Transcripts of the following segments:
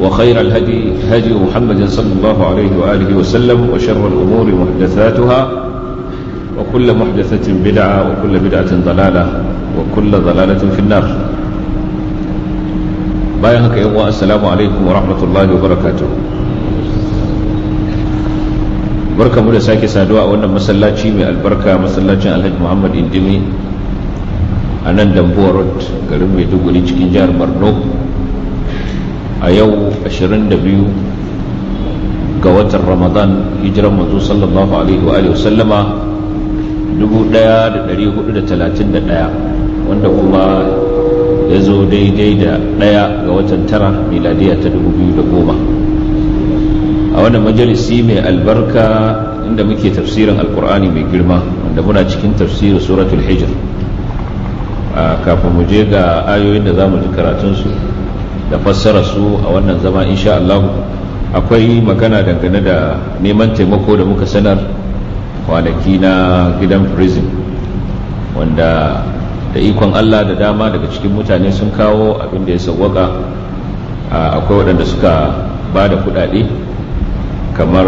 وخير الهدي هدي محمد صلى الله عليه وآله وسلم وشر الأمور محدثاتها وكل محدثة بدعة وكل بدعة ضلالة وكل ضلالة في النار bayan haka yan assalamu alaikum wa rahmatullahi wa barka mu da sake saduwa a wannan masallaci mai albarka masallacin alhaji muhammad indimi a nan dambuwa road garin maiduguri cikin jihar borno a yau 22 ga watan ramadan hijiran manzo sallallahu alaihi wa alihi sallama 1431 wanda kuma ya zo daidai da daya ga watan tara miladiya ta 2010 a wannan majalisi mai albarka inda muke tafsirin alkur'ani mai girma wanda muna cikin tafsirin suratul hijr kafin mu je ga ayoyin da za mu ji karatunsu da fassara su a wannan zama insha Allah akwai magana dangane da neman taimako da muka sanar kwanaki na gidan prison wanda da ikon Allah da dama daga cikin mutane sun kawo abin da ya sauwaka akwai waɗanda suka ba da kuɗaɗe kamar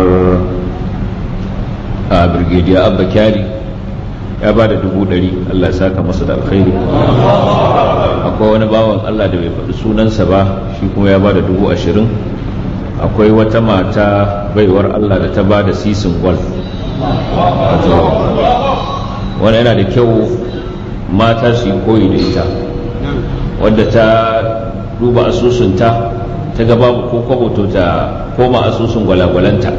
a brigadier abba kyari ya ba da dubu ɗari Allah ya saka masa da alkhairi akwai wani bawan Allah da bai faɗi sunansa ba shi kuma ya ba da dubu ashirin akwai wata mata baiwar Allah da ta ba da sisin gwal wani yana da kyau mata su koyi da ita wadda ta duba asusunta ta ga babu ko kwamoto ta koma asusun gwalagwalanta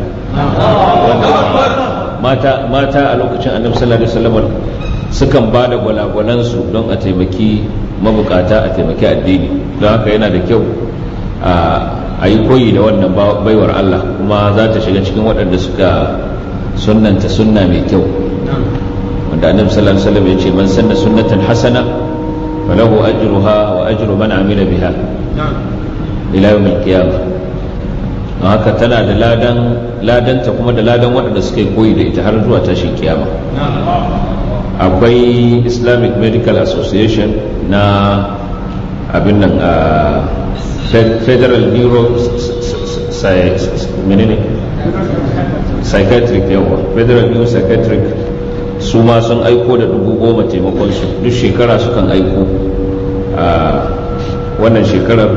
mata mata a lokacin annabi sallallahu alaihi wasallam sukan ba da gwalagwalan su don a taimaki mabukata a taimaki addini don haka yana da kyau a yi koyi da wannan baiwar Allah kuma za ta shiga cikin waɗanda suka sunnanta sunna mai kyau wanda annabi sallallahu alaihi wasallam ya ce man sanna sunnatan hasana falahu ajruha wa ajru man amila biha ila yawmil qiyamah haka tana da ladan ladanta kuma da ladan waɗanda suka yi koyi da ita har zuwa tashin kiyama akwai islamic medical association na abin nan a ah, federal bureau menene psychiatric yawa federal bureau psychiatric su ma sun aiko da dubu goma taimakon su duk shekara sukan aiko a ah, wannan shekarar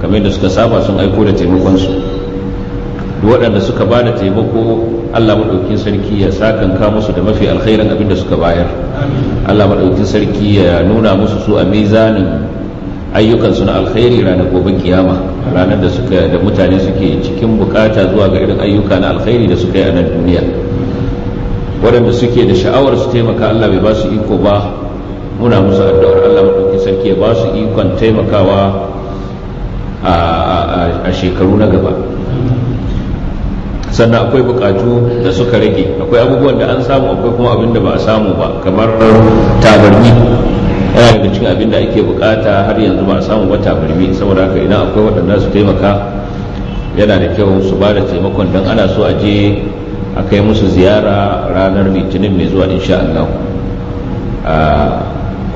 kamar da suka saba sun aiko da taimakon su da waɗanda suka ba da taimako Allah maɗaukin sarki ya sakanka musu da mafi alkhairan abin da suka bayar Allah maɗaukin sarki ya nuna musu su a mizanin ayyukansu na alkhairi ranar gobe kiyama ranar da suka da mutane suke cikin bukata zuwa ga irin ayyuka na alkhairi da suka yi a nan duniya waɗanda suke da sha'awar su taimaka Allah bai ba su iko ba muna musu addu'ar Allah maɗaukin sarki ya ba su ikon taimakawa a shekaru na gaba sannan akwai bukatu da suka rage akwai abubuwan da an samu akwai kuma abin da ba a samu ba kamar tabarmi yana daga cikin abin da ake bukata har yanzu ba a samu ba tabarmi saboda haka idan akwai waɗanda su taimaka yana da kyau su ba da taimakon don ana so a je a kai musu ziyara ranar litinin mai zuwa insha Allah ah,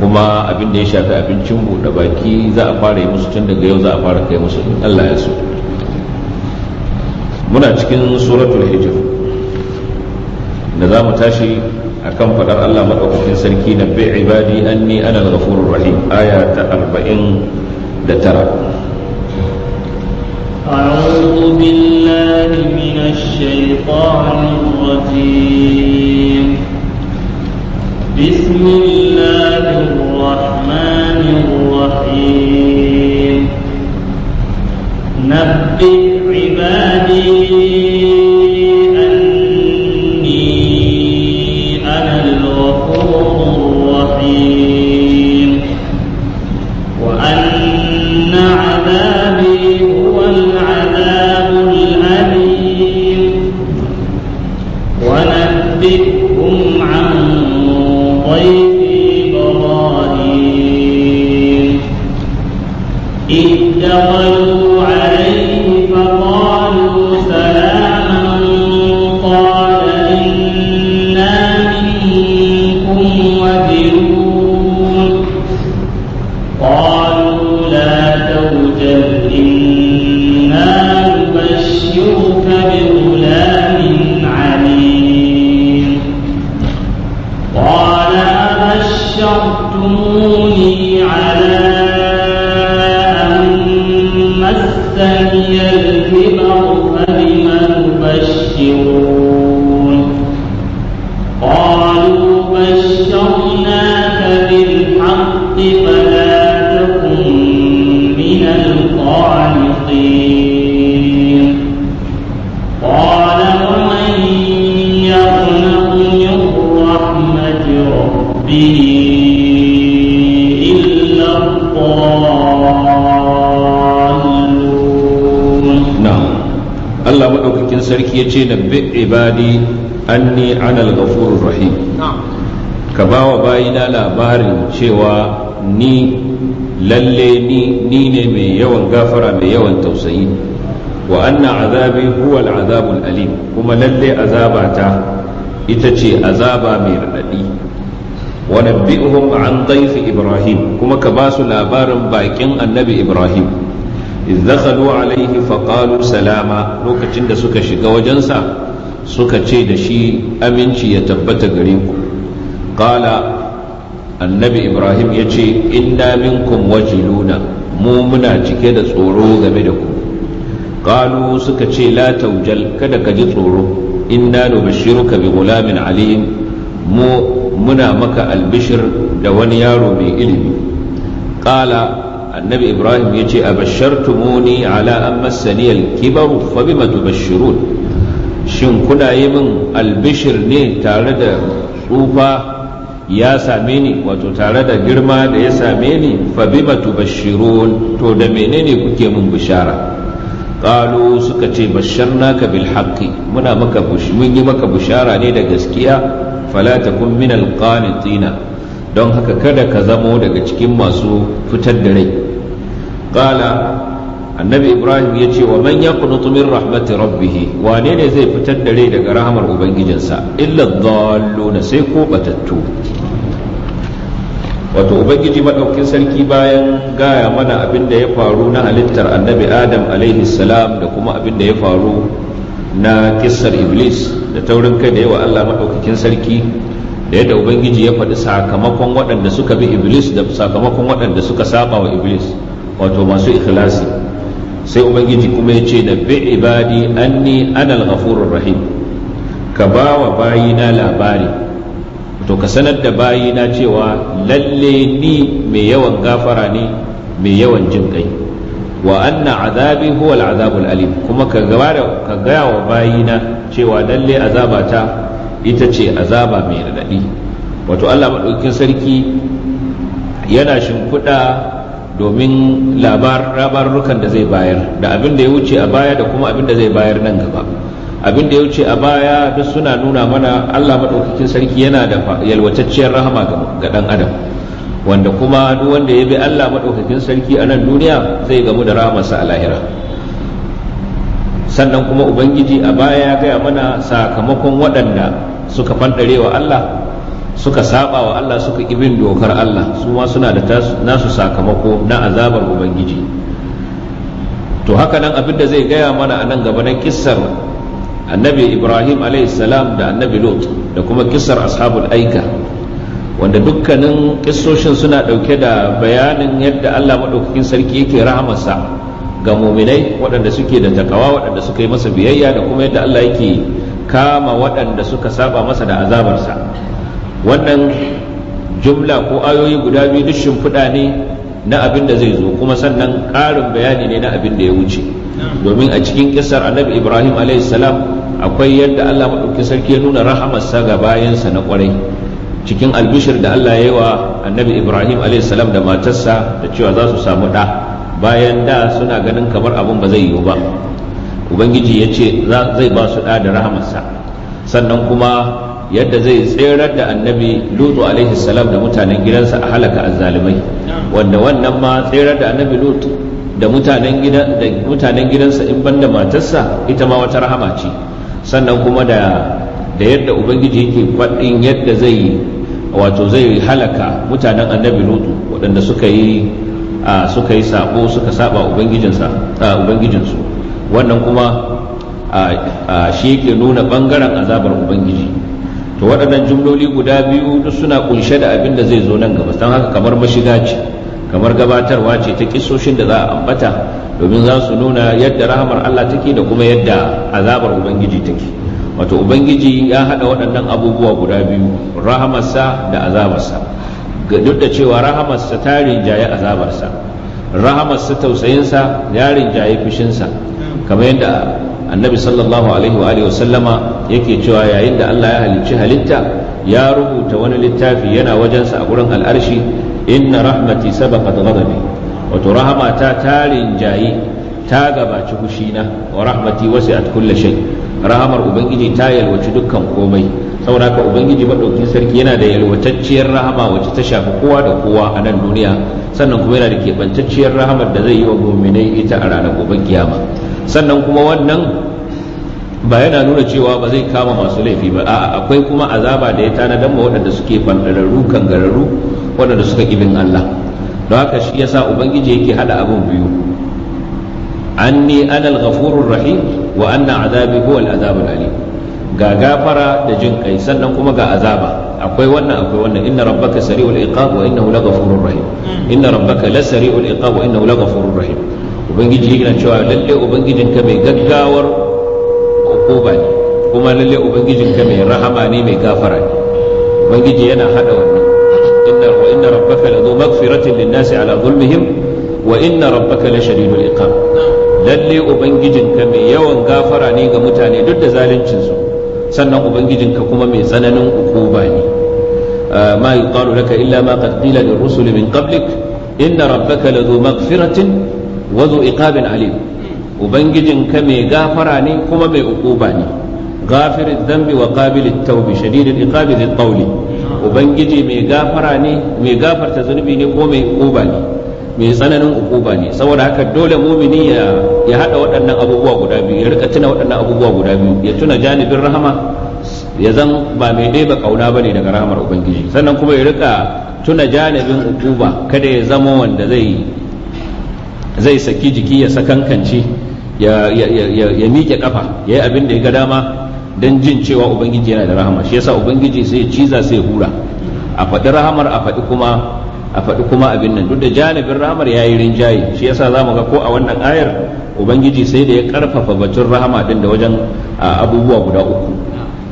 kuma abin da ya shafi abincin buɗe baki za a fara yi musu tun daga yau za a fara kai musu Allah ya so muna cikin suratul hijr da za mu tashi akan fadar Allah madaukakin sarki na bi ibadi anni ana al-ghafurur rahim aya ta 49 أعوذ بالله من الشيطان الرجيم بسم الله الرحمن الرحيم نبئ عبادي nabbi ibadi anni anal ghafurur rahim ka ba wa bayina labarin cewa ni lalle ni ne mai yawan gafara mai yawan tausayi wa anna azabi huwa al'azabul alim kuma lalle azabata ita ce azaba mai raɗaɗi wa nabbi'uhum an daifi ibrahim kuma ka ba su labarin bakin annabi ibrahim idh dakhalu alayhi fa salama lokacin da suka shiga wajensa suka ce da shi aminci ya tabbata gare ku qala annabi ibrahim ya ce inna minkum wajiluna mu muna cike da tsoro game da ku Ƙalu suka ce la taujal kada ka ji tsoro inna ka bi gulamin alim mu muna maka albishir da wani yaro mai ilimi kala annabi ibrahim ya ce abashartumuni ala an massani alkibaru fa bima bashirun. shin kuna yi min albishir ne tare da tsufa ya same ni wato tare da girma da ya same ni fa bima bashirun to da menene kuke min bishara qalu suka ce basharnaka bil haqqi muna maka mun yi maka bishara ne da gaskiya fala takun min al qanitina don haka kada ka zamo daga cikin masu fitar da rai qala annabi ibrahim ya ce wa man yaqnutu min rahmati rabbihi wane ne zai fitar da rai daga rahamar ubangijinsa illa dhalluna sai ko batattu wato ubangiji madaukin sarki bayan gaya mana abin da ya faru na halittar annabi adam alaihi salam da kuma abin da ya faru na kissar iblis da taurin kai da yawa allah madaukakin sarki da yadda ubangiji ya faɗi sakamakon waɗanda suka bi iblis da sakamakon waɗanda suka saba wa iblis wato masu ikhlasi sai ubangiji kuma ya ce da bi ibadi anni anal ghafurur rahim ka ba wa bayina labari to ka sanar da bayina cewa lalle ni mai yawan gafara ne mai yawan jin kai wa anna azabi huwa al'azabul alim kuma ka ka gaya wa bayina cewa lalle ta ita ce azaba mai radadi wato Allah madaukin sarki yana shimfiɗa domin labarukan da zai bayar da abin da ya wuce a baya da kuma abin da zai bayar nan gaba abin da ya wuce a baya duk suna nuna mana allah maɗaukakin sarki yana da yalwatacciyar rahama ga ɗan adam wanda kuma duk wanda ya bi allah maɗaukakin sarki a nan duniya zai gamu da rahamarsa a lahira sannan kuma ubangiji a baya ya gaya mana sakamakon waɗanda suka fanɗarewa allah suka saba wa Allah suka ibin dokar Allah su ma suna da nasu sakamako na azabar ubangiji to haka nan abin da zai gaya mana a nan gaba na kissar annabi ibrahim salam da annabi lot da kuma kissar ashabul aika wanda dukkanin kissoshin suna ɗauke da bayanin yadda allah maɗaukakin sarki yake rahamarsa ga muminai waɗanda suke da takawa waɗanda suka yi masa biyayya da kuma yadda allah yake kama waɗanda suka saba masa da azabarsa wannan jumla ko ayoyi guda biyu duk shimfiɗa ne na abin da zai zo kuma sannan ƙarin bayani ne na abin da ya wuce domin a cikin kisar annabi ibrahim salam akwai yadda allah maɗauki sarki ya nuna rahamarsa ga bayansa na ƙwarai cikin albishir da allah ya yi wa annabi ibrahim salam da matarsa da cewa za su samu ɗa bayan da suna ganin kamar abin ba zai yiwu ba ubangiji ya ce zai ba su ɗa da rahamarsa sannan kuma yadda zai tserar da annabi lutu alaihi salam da mutanen gidansa a halaka azzalimai wanda wannan ma tserar da annabi lutu da mutanen gidansa in banda matarsa ita ma wata rahama ce sannan kuma da da yadda ubangiji yake kwaɗin yadda zai wato zai halaka mutanen annabi lutu waɗanda suka yi suka yi sabo suka saba ubangijinsa ubangijinsu wannan kuma shi yake nuna ɓangaren azabar ubangiji to waɗannan jumloli guda biyu duk suna kunshe da abin da zai zo nan gaba don haka kamar mashiga ce kamar gabatarwa ce ta kisoshin da za a ambata domin za su nuna yadda rahamar Allah take da kuma yadda azabar ubangiji take wato ubangiji ya haɗa waɗannan abubuwa guda biyu rahamarsa da azabarsa duk da cewa rahamarsa ta rinjaye azabarsa rahamarsa tausayinsa ya rinjaye fushinsa kamar yadda annabi sallallahu alaihi wa alihi wasallama yake cewa yayin da Allah ya halicci halitta ya rubuta wani littafi yana wajensa a gurin al'arshi inna rahmati sabaqat ghadabi wato Rahama ta rinjayi ta gabaci hushina wa rahmati wasi'at kulli shay rahamar ubangiji ta yalwaci dukkan komai saboda haka ubangiji madaukin sarki yana da yalwatacciyar rahama wacce ta shafi kowa da kowa a nan duniya sannan kuma yana da keɓantacciyar rahamar da zai yi wa muminai ita a ranar gobe kiyama sannan kuma wannan ba yana nuna cewa ba zai kama masu laifi ba a'a akwai kuma azaba da ya tanadan ma waɗanda suke fandararru kangararru waɗanda suka ibin Allah don haka shi yasa ubangiji yake hada abin biyu anni anal al-ghafurur rahim wa anna azabi huwa al-azabul alim ga gafara da jin kai sannan kuma ga azaba akwai wannan akwai wannan inna rabbaka sari'ul iqab wa innahu laghafurur rahim inna rabbaka lasari'ul iqab wa innahu laghafurur rahim ubangiji yana cewa lalle ubangijinka mai gaggawar ukuba ne kuma lalle ubangijin ka mai rahama ne mai gafara ne ubangiji yana hada wannan inna wa inna rabbaka la dhu maghfiratin lin nasi ala zulmihim wa inna rabbaka la shadidul iqab lalle ubangijin ka mai yawan gafara ne ga mutane duk da zaluncin su sannan ubangijin ka kuma mai tsananin ukuba ne ah, ma yuqalu laka illa ma qad qila lirrusuli min qablik inna rabbaka la dhu maghfiratin wa dhu iqabin alim ubangijinka mai gafara ne kuma mai ukuba ne gafirin zambi wa qabilit taubi shadidul iqabi zil qawli ubangiji mai gafara ne mai gafarta zunubi ne ko mai ukuba ne mai tsananin ukuba ne saboda haka dole mumini ya ya hada waɗannan abubuwa guda biyu ya rika tuna waɗannan abubuwa guda biyu ya tuna janibin rahama ya zan ba mai dai ba kauna bane daga rahamar ubangiji sannan kuma ya rika tuna janibin ukuba kada ya zama wanda zai zai saki jiki ya sakankance ya miƙe ƙafa ya yi abin da ya ga dama don jin cewa ubangiji yana da rahama shi yasa ubangiji sai ciza sai hura a faɗi rahamar a faɗi kuma a faɗi kuma abin nan duk da janibin rahamar ya yi rinjaye shi yasa za mu ga ko a wannan ayar ubangiji sai da ya ƙarfafa batun rahama din da wajen abubuwa guda uku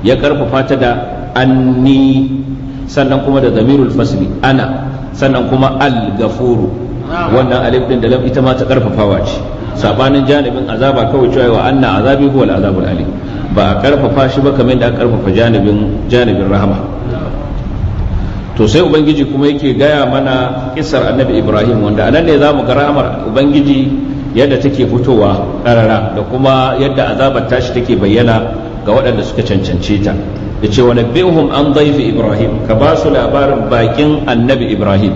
ya ƙarfafa ta da anni sannan kuma da zamirul fasli ana sannan kuma al-gafuru wannan alif din da lam ita ma ta ƙarfafawa ce sabanin janibin azaba kawai cewa wa anna azabi huwa al-azabul alim ba a karfafa shi ba kamar da aka karfafa janibin janibin rahama to sai ubangiji kuma yake gaya mana kisar annabi ibrahim wanda anan ne zamu ga rahamar ubangiji yadda take fitowa karara da kuma yadda azabar tashi take bayyana ga waɗanda suka cancance ta da ce wani an zaifi ibrahim ka ba su labarin bakin annabi ibrahim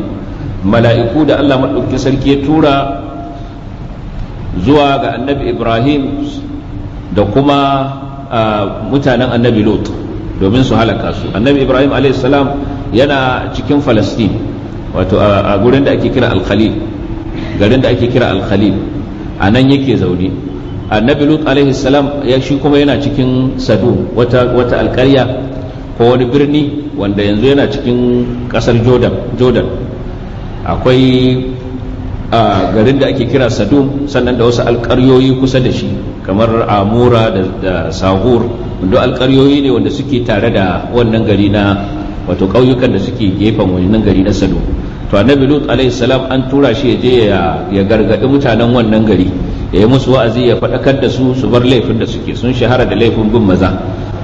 mala'iku da allah maɗauki sarki ya tura zuwa ga annabi ibrahim da kuma mutanen annabi lot domin su halaka su annabi ibrahim salam yana cikin falastin wato a gurin da ake kira alkhalil garin da ake kira alkhalil a nan yake zaune annabi lot salam ya shi kuma yana cikin sadu wata, wata alkarya ko wani birni wanda yanzu yana cikin kasar jordan akwai a garin da ake kira sadum sannan da wasu alƙaryoyi kusa da shi kamar amura da sahur wanda alƙaryoyi ne wanda suke tare da wannan gari na wato ƙauyukan da suke gefen wannan gari na sadum to annabi lut salam an tura shi ya je ya gargaɗi mutanen wannan gari ya yi musu wa'azi ya faɗakar da su su bar laifin da suke sun shahara da laifin bin maza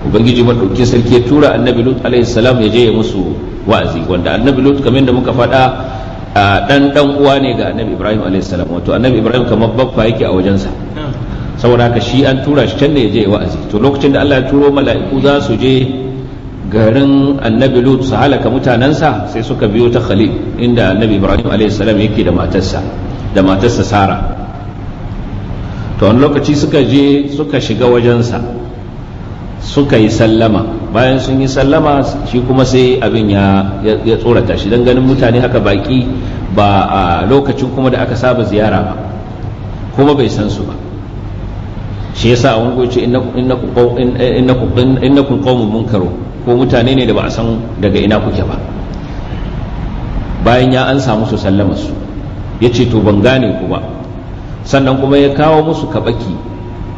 ubangiji maɗauki sarki ya tura annabi lut salam ya je ya musu wa'azi wanda annabi lut kamar da muka faɗa dan dan uwa ne ga annabi ibrahim alaihissalam wato annabi ibrahim kamar babba yake a wajensa saboda haka shi an tura shi can ne ya je wa'azi to lokacin da Allah ya turo mala'iku za su je garin annabi lut su halaka mutanensa sai suka biyo ta khalil inda annabi ibrahim alaihissalam yake da matarsa da matarsa sara to wani lokaci suka je suka shiga wajensa suka yi sallama bayan sun yi sallama shi kuma sai abin ya tsorata shi don ganin mutane haka baki ba a lokacin kuma da aka saba ziyara ba kuma bai san su ba shi yasa wani goce innakun qaumun munkaru ko mutane ne da ba a san daga ina kuke ba bayan ya an samu su sallama su ya ce to ban gane ku ba sannan kuma ya kawo musu kabaki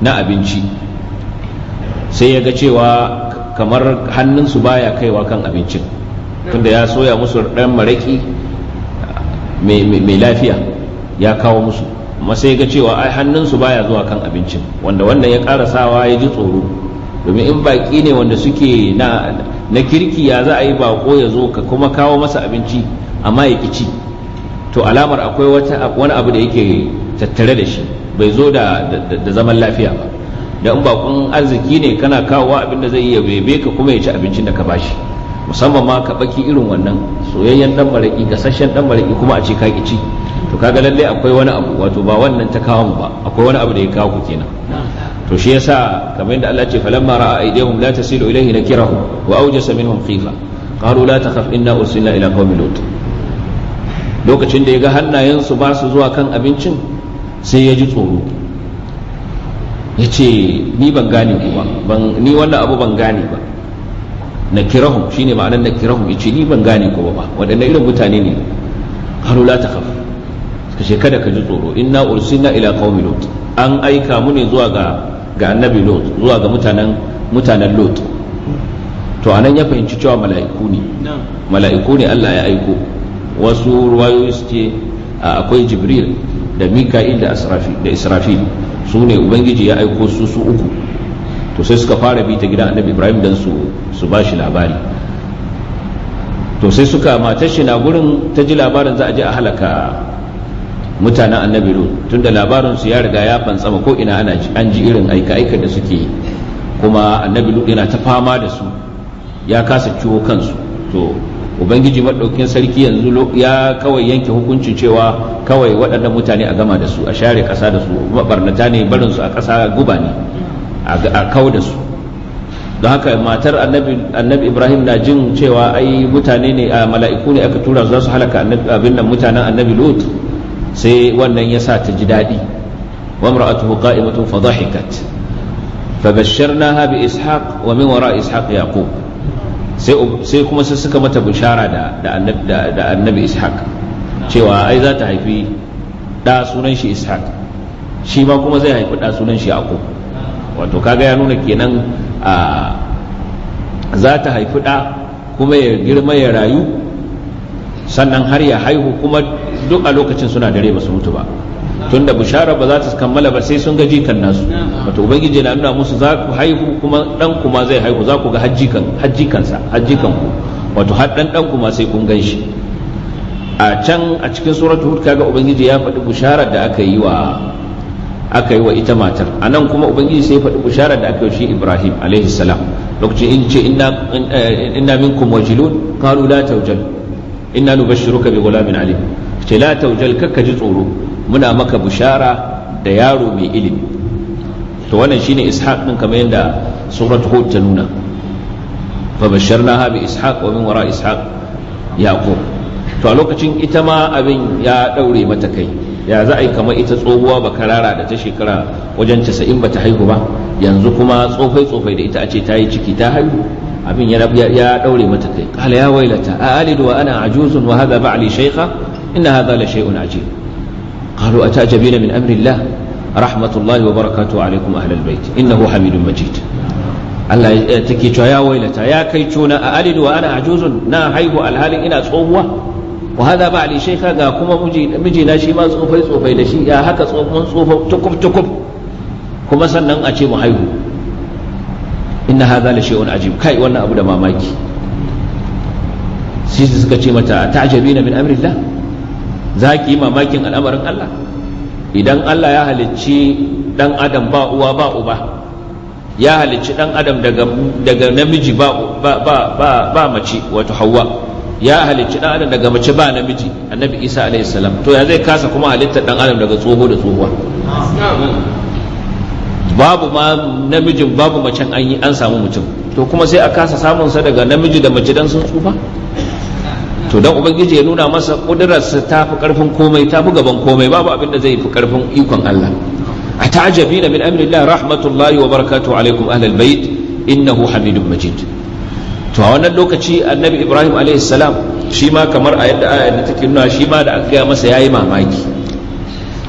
na abinci sai ya ga cewa kamar hannunsu baya kaiwa kan abincin tunda ya soya musu ɗan maraƙi mai lafiya ya kawo musu amma sai ga cewa ai hannunsu baya zuwa kan abincin wanda wannan ya sawa ya ji tsoro domin in baƙi ne wanda suke na kirki ya za a yi baƙo ya zo ka kuma kawo masa abinci amma ya kici to alamar akwai wani abu da yake tattare da shi bai zo da zaman lafiya ba da in bakon arziki ne kana kawowa abin da zai iya bebe ka kuma ya ci abincin da ka bashi musamman ma ka baki irin wannan soyayyen dan maraki gasasshen dan maraki kuma a ce ka ci to kaga lalle akwai wani abu wato ba wannan ta kawo mu ba akwai wani abu da ya kawo ku kenan to shi yasa kamar yadda Allah ce falamma ra'a aydihum la tasilu ilayhi nakirahu wa awjasa minhum khifa qalu la takhaf inna ursilna ila qaumi lut lokacin da ya ga hannayensu ba su zuwa kan abincin sai ya ji tsoro ya ce ni ban gane ku ba ni wannan abu ban gane ba na kirahum shi ne ma'anar na kirahum ya ce ni ban gane ku ba waɗanda irin mutane ne haru la takhaf suka ce kada ka ji tsoro inna ursina ila qaumi lut an aika mu ne zuwa ga ga annabi lut zuwa ga mutanen mutanen lut to anan ya fahimci cewa mala'iku ne mala'iku ne Allah ya aiko wasu ruwayoyi suke akwai jibril da mika'il da israfil da israfil su ne ubangiji ya aiko su su uku to sai suka fara bi ta gidan annabi ibrahim don su ba shi labari to sai suka matar shi na gurin ta ji labarin za a je a halaka mutanen annabi lut tunda labarin su ya riga ya fantsama ko ina ana an ji irin aika aika da suke kuma annabi lut yana ta fama da su ya kasa ciwo kansu to ubangiji maɗaukin sarki yanzu ya kawai yanke hukuncin cewa kawai waɗannan mutane a gama da su a share ƙasa da su mabarnata ne barin su a ƙasa guba ne a kawo da su don haka matar annabi ibrahim na jin cewa ai mutane ne a mala'iku ne aka tura za su halaka abin nan mutanen annabi lut sai wannan ya sa ta ji daɗi wa imra'atuhu qa'imatun fa dhahikat fa bashsharnaha bi ishaq wa min wara ishaq yaqub sai kuma sai suka mata bishara da annabi ishaq cewa ai za ta haifi ɗa sunan shi ishaq shi ma kuma zai haifi ɗa sunan shi ako wato kaga ya nuna kenan a za ta haifi ɗa kuma ya girma ya rayu sannan har ya haihu kuma duk a lokacin suna dare ba su mutu ba tunda bushara ba za ta kammala ba sai sun ga jikan nasu wato ubangiji na nuna musu za ku haihu kuma dan kuma zai haihu za ku ga hajjikan hajjikansa hajjikan ku wato har dan dan kuma sai kun ganshi a can a cikin suratul hud kaga ubangiji ya faɗi bisharar da aka yi wa aka yi wa ita matar a nan kuma ubangiji sai faɗi bisharar da aka yi shi ibrahim alaihi salam lokacin in ce eh, inna minkum wajilun qalu la tawjal inna nubashshiruka bi ghulamin alim ce la tawjal kakka ji tsoro muna maka bishara da yaro mai ilimi to wannan shine ishaq din kamar yadda surat hud ta nuna fa basharnaha bi ishaq wa min wara ishaq yaqub to a lokacin ita ma abin ya daure mata kai ya za a yi kamar ita tsohuwa ba karara da ta shekara wajen casa'in ba ta haihu ba yanzu kuma tsofai tsofai da ita a ce ta yi ciki ta haihu abin ya daure mata kai kala ya wailata a alidu wa ana ajuzun wa ba Ali shaykha inna hadha la shay'un ajib قالوا أتعجبين من أمر الله رحمة الله وبركاته عليكم أهل البيت إنه حميد مجيد Allah take cewa ya wailata ya kai cuna a alid wa ana ajuzun na haihu alhalin ina tsohuwa wa hada ba ali shaykha ga kuma mijina na shi ma tsofai tsofai da shi ya haka tsohon tsofa tukub kuma sannan a ce mu haihu inna hadha la shay'un ajib kai abu da mamaki shi suka ce mata ta'jabina min za ki yi mamakin al'amarin Allah idan Allah ya halicci dan adam ba uwa ba uba ya halicci dan adam daga namiji ba ba mace wato hawa ya halicci dan adam daga mace ba namiji annabi Isa alaihi salam to ya zai kasa kuma halittar dan adam daga tsoho da tsohuwa babu ma namijin babu macen an yi an samu mutum to kuma sai a kasa samunsa daga namiji da mace dan sun tsufa to dan ubangiji ya nuna masa kudirarsa ta fi karfin komai ta fi gaban komai babu abin da zai fi karfin ikon Allah a ta'ajabina min amrillah rahmatullahi wa barakatuhu alaikum ahlal bait innahu hamidun majid to a wannan lokaci annabi ibrahim alaihi salam shi ma kamar a yadda ayar da take nuna shi ma da aka gaya masa yayi mamaki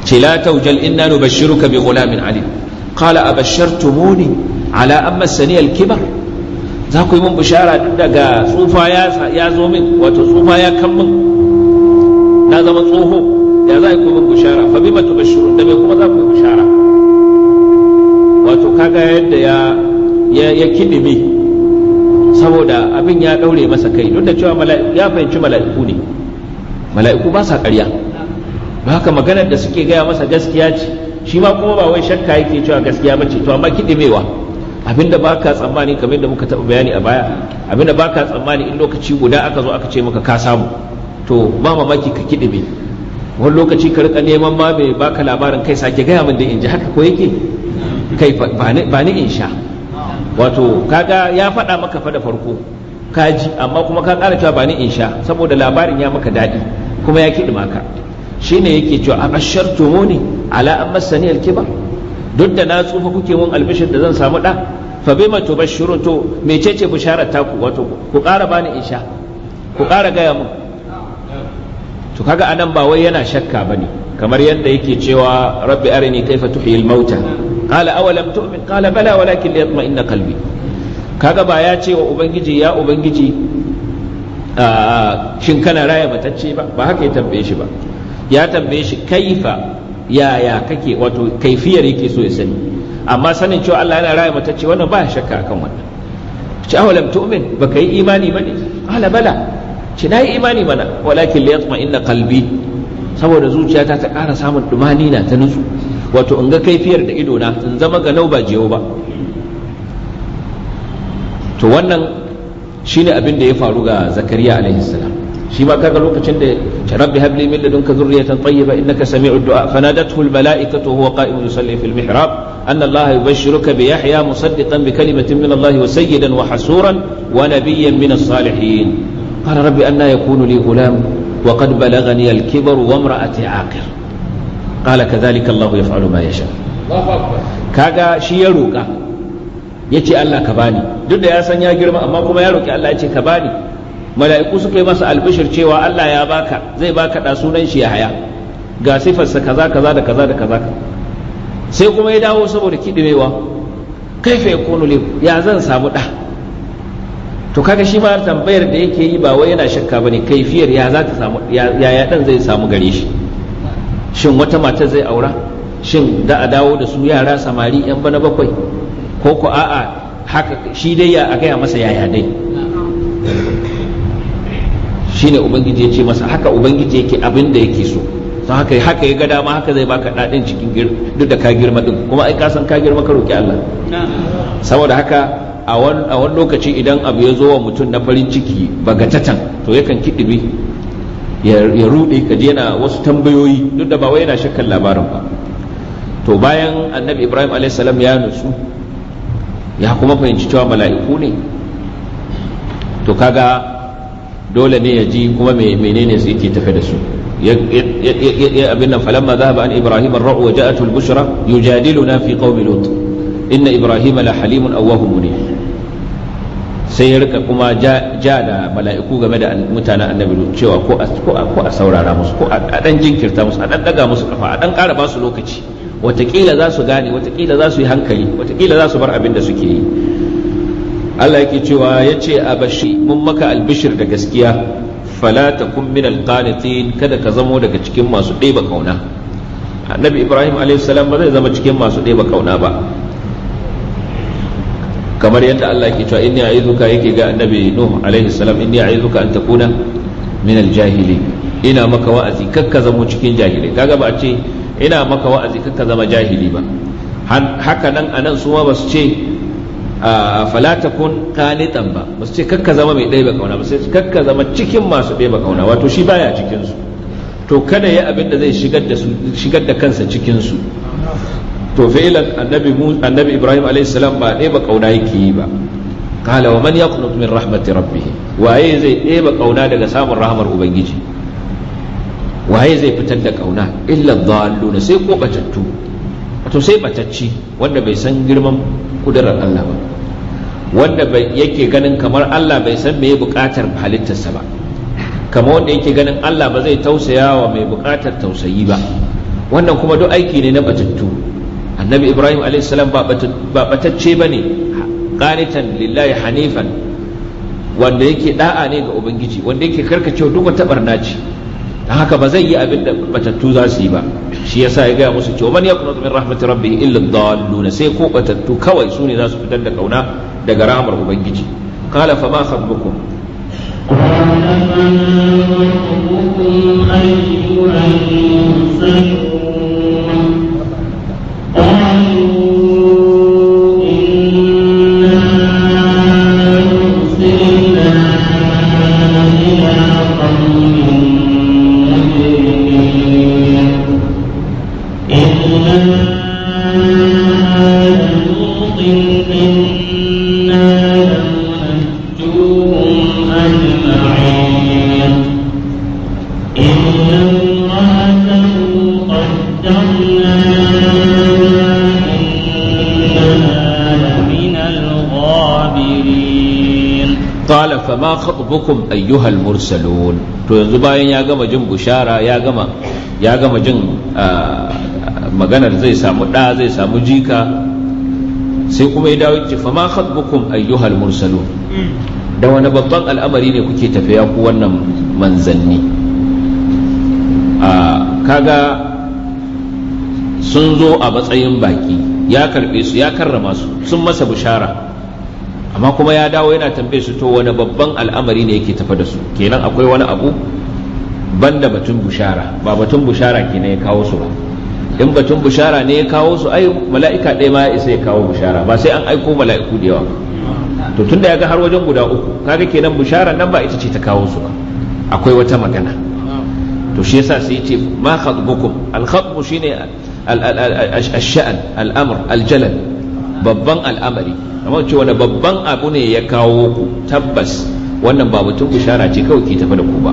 ce la taujal inna nubashshiruka bi ghulamin alim qala abashshartumuni ala amma saniyal kibar za ku yi min bishara duk daga tsufa ya zo min wato tsufa ya kan min na zama tsoho ya za a yi ku min bishara fa bima tubashshirun da me kuma za ku yi bishara wato kaga yadda ya ya, ya saboda abin ya daure masa kai duk da cewa ya fahimci mala'iku ne mala'iku ba sa ƙarya ba haka maganar da suke gaya masa gaskiya ce shi ma kuma ba wai shakka yake cewa gaskiya ba ce to amma kidimewa abinda baka tsammani kamar da muka taɓa bayani a baya abinda baka tsammani in lokaci guda aka zo aka ce maka ka samu to ba mamaki ka kiɗime wani lokaci ka rika neman ma mai baka labarin kai sake gaya min da in ji haka ko yake kai ba ni in sha wato kaga ya faɗa maka fa da farko ka ji amma kuma ka ƙara cewa ba ni in sha saboda labarin ya maka daɗi kuma ya kiɗi maka shine yake cewa a tumuni ala an masani alkibar duk da na tsufa kuke mun albishir da zan samu ɗa fa bima tubashshirun to mecece bisharar taku wato ku ƙara bani in sha ku ƙara gaya mun to kaga anan ba wai yana shakka bane kamar yadda yake cewa rabbi arini kaifa tuhyil mauta qala awalam tu'min qala bala walakin liyatma'inna qalbi kaga ba ya ce wa ubangiji ya ubangiji shin kana raya matacce ba ba haka ya tambaye shi ba ya tambaye shi kaifa yaya kake wato kaifiyar yake so ya sani amma sanin cewa Allah yana raya mata ce wannan ba shakka akan wannan ce awalam tu'min baka yi imani bane ala bala ce nayi imani mana walakin liyatma inna qalbi saboda zuciyata ta ƙara samun dumani na ta nutsu wato in ga kaifiyar da ido na in zama ga nau ba jiyo ba to wannan shine abin da ya faru ga zakariya alaihi salam shi ma kaga lokacin da rabbi habli min ladunka zurriyatan tayyiba innaka sami'ud du'a fanadathu al mala'ikatu huwa qa'imun yusalli fil mihrab anna Allah yubashshiruka bi Yahya musaddiqan bi kalimatin min Allah wa wa hasuran wa nabiyyan min as-salihin qala rabbi anna yakunu li wa qad balaghani al kibar wa imra'ati aqir qala kadhalika Allah yaf'alu ma yasha kaga shi ya roka yace Allah ka bani duk da ya san ya girma amma kuma ya roki Allah ya ce ka bani mala'iku suka yi masa albishir cewa Allah ya baka zai baka da sunan shi Yahaya ga sifarsa kaza kaza da kaza da kaza sai kuma ya dawo saboda kidimewa fa yakunu li ya zan samu da to kaga shi ma tambayar da yake yi ba wai yana shakka bane kaifiyar ya za ta samu ya ya dan zai samu gare shi shin wata mata zai aura shin da a dawo da su yara samari yan bana bakwai ko ko a'a haka shi dai ya a gaya masa yaya dai shine ubangiji ya ce masa haka ubangiji yake abin da yake so don haka haka ya ga dama haka zai baka dadin cikin duk da ka girma din kuma ai ka san ka girma ka roki Allah saboda haka a wani lokaci idan abu ya zo wa mutum na farin ciki bagatatan to yakan kidibi ya rude ka je yana wasu tambayoyi duk da ba wai yana shakkan labarin ba to bayan annabi ibrahim a.s. ya nutsu ya kuma fahimci cewa mala'iku ne to kaga dole ne ya ji kuma menene su yake tafe da su abin nan falamma zahaba an ibrahim ar-ra'u wa ja'atul bushra yujadiluna fi qaumi lut inna ibrahim la halimun awwahum munib sai ya rika kuma ja da mala'iku game da mutanen annabi lut cewa ko a ko a saurara musu ko a dan jinkirta musu a dan daga musu kafa a dan kara ba su lokaci watakila za su gane watakila za su yi hankali watakila za su bar abin da suke yi Allah yake cewa ya ce a bashi mun maka albishir da gaskiya fala ta kun min alqanitin kada ka zamo daga cikin masu ɗeba kauna annabi ibrahim a.s. ba zai zama cikin masu ɗeba kauna ba kamar yadda Allah ke cewa inni a'izuka yake ga annabi Nuh alaihi salam inni a'izuka an takuna min aljahili ina maka wa'azi kakka zamo cikin jahili kaga ba a ce ina maka wa'azi kakka zama jahili ba haka nan anan su ma ba su ce fala takun qanitan ba ba su ce kakka zama mai ɗaya kauna ba zama cikin masu ɗaya kauna wato shi baya cikin su to kada ya abin da zai shigar da su shigar da kansa cikin su to annabi annabi Ibrahim alaihi salam ba ɗaya kauna yake yi ba qala wa man yaqnut min rahmati rabbih waye zai ɗaya kauna daga samun rahmar ubangiji waye zai fitar da kauna illa dhalluna sai ko batattu to sai batacci wanda bai san girman kudurar Allah ba wanda yake ganin kamar Allah bai san me bukatar halittarsa ba kama wanda yake ganin Allah ba zai tausaya wa mai bukatar tausayi ba wannan kuma duk aiki ne na batattu annabi ibrahim a.s. ba batacce ba ne qanitan lillahi hanifan wanda yake da'a ne ga ubangiji wanda yake karkacewa duk wata barna ce dan haka ba zai yi abin da batattu za su yi ba shi yasa ya gaya musu cewa man yaqnutu min rahmatir rabbih illa ad sai ko batattu kawai su ne za su fitar da kauna daga ramar ubangiji qala fa ma khatbukum قال qala fama khatubukum ayyuhal mursalun to yanzu bayan ya gama jin bushara ya gama ya gama jin ah, maganar zai samu ɗa zai samu jika sai kuma ya dawo ce fama khatubukum ayyuhal mursalun da wani babban al'amari ne kuke tafiya ku wannan manzanni ah, kaga sun zo a matsayin baki ya karbe su ya karrama su sun masa bushara amma kuma ya dawo yana tambaye su to wani babban al'amari ne yake tafa da su kenan akwai wani abu banda batun bushara ba batun bushara kenan ya kawo su ba in batun bushara ne ya kawo su ai mala'ika ɗaya ma ya isa ya kawo bushara ba sai an aiko mala'iku da yawa to tunda ya ga har wajen guda uku kaga kenan bushara nan ba ita ce ta kawo su ba akwai wata magana to shi yasa sai ce ma khatbukum al khatbu shine al sha'an al amr al jalal babban al'amari amma ce wani babban abu ne ya kawo ku tabbas wannan ba batun bishara ce kawai ke tafi da ku ba